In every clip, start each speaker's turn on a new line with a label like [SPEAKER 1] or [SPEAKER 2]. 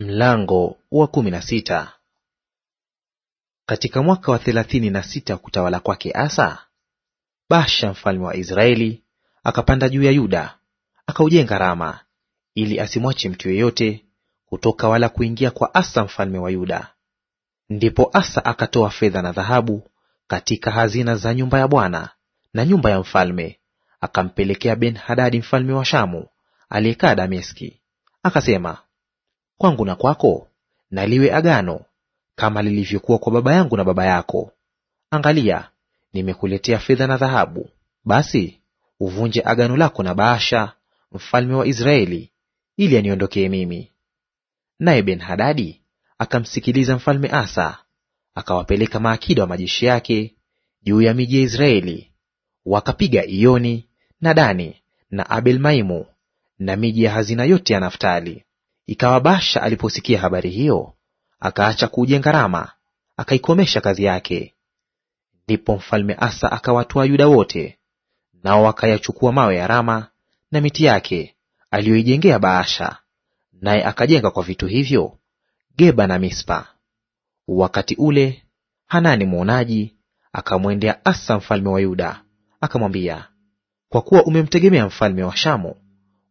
[SPEAKER 1] Mlango wa kumi na sita. Katika mwaka wa thelathini na sita wa kutawala kwake Asa, Baasha mfalme wa Israeli akapanda juu ya Yuda akaujenga Rama, ili asimwache mtu yeyote kutoka wala kuingia kwa Asa mfalme wa Yuda. Ndipo Asa akatoa fedha na dhahabu katika hazina za nyumba ya Bwana na nyumba ya mfalme, akampelekea Ben Hadadi mfalme wa Shamu aliyekaa Dameski, akasema kwangu na kwako, na liwe agano kama lilivyokuwa kwa baba yangu na baba yako. Angalia, nimekuletea fedha na dhahabu; basi uvunje agano lako na Baasha mfalme wa Israeli, ili aniondokee mimi. Naye Ben-Hadadi akamsikiliza mfalme Asa, akawapeleka maakida wa majeshi yake juu ya miji ya Israeli, wakapiga Ioni na Dani na Abel Maimu na miji ya hazina yote ya Naftali. Ikawa Baasha aliposikia habari hiyo, akaacha kuujenga Rama, akaikomesha kazi yake. Ndipo mfalme Asa akawatoa Yuda wote, nao akayachukua mawe ya Rama na miti yake aliyoijengea Baasha, naye akajenga kwa vitu hivyo Geba na Mispa. Wakati ule Hanani mwonaji akamwendea Asa mfalme wa Yuda akamwambia, kwa kuwa umemtegemea mfalme wa Shamu,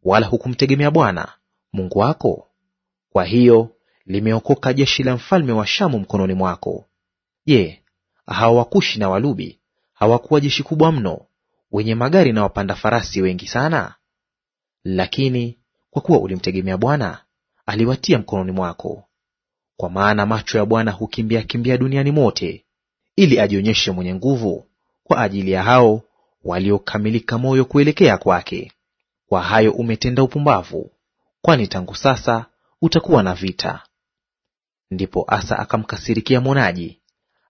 [SPEAKER 1] wala hukumtegemea Bwana Mungu wako, kwa hiyo limeokoka jeshi la mfalme wa Shamu mkononi mwako. Je, hawa Wakushi na Walubi hawakuwa jeshi kubwa mno, wenye magari na wapanda farasi wengi sana? Lakini kwa kuwa ulimtegemea Bwana, aliwatia mkononi mwako. Kwa maana macho ya Bwana hukimbia kimbia duniani mote, ili ajionyeshe mwenye nguvu kwa ajili ya hao waliokamilika moyo kuelekea kwake. Kwa hayo umetenda upumbavu, kwani tangu sasa utakuwa na vita. Ndipo Asa akamkasirikia mwonaji,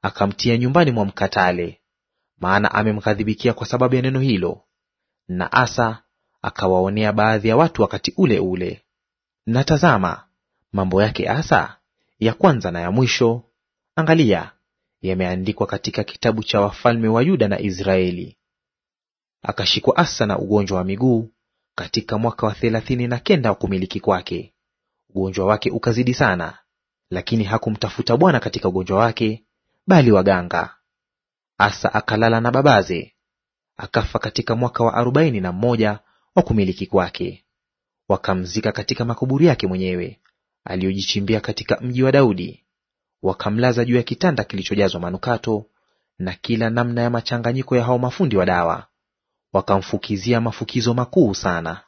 [SPEAKER 1] akamtia nyumbani mwa mkatale, maana amemkadhibikia kwa sababu ya neno hilo. Na Asa akawaonea baadhi ya watu wakati ule ule. Na tazama, mambo yake Asa ya kwanza na ya mwisho, angalia, yameandikwa katika kitabu cha wafalme wa Yuda na Israeli. Akashikwa Asa na ugonjwa wa miguu katika mwaka wa thelathini na kenda wa kumiliki kwake, Ugonjwa wake ukazidi sana, lakini hakumtafuta Bwana katika ugonjwa wake, bali waganga. Asa akalala na babaze, akafa katika mwaka wa arobaini na mmoja wa kumiliki kwake. Wakamzika katika makaburi yake mwenyewe aliyojichimbia katika mji wa Daudi. Wakamlaza juu ya kitanda kilichojazwa manukato na kila namna ya machanganyiko ya hao mafundi wa dawa, wakamfukizia mafukizo makuu sana.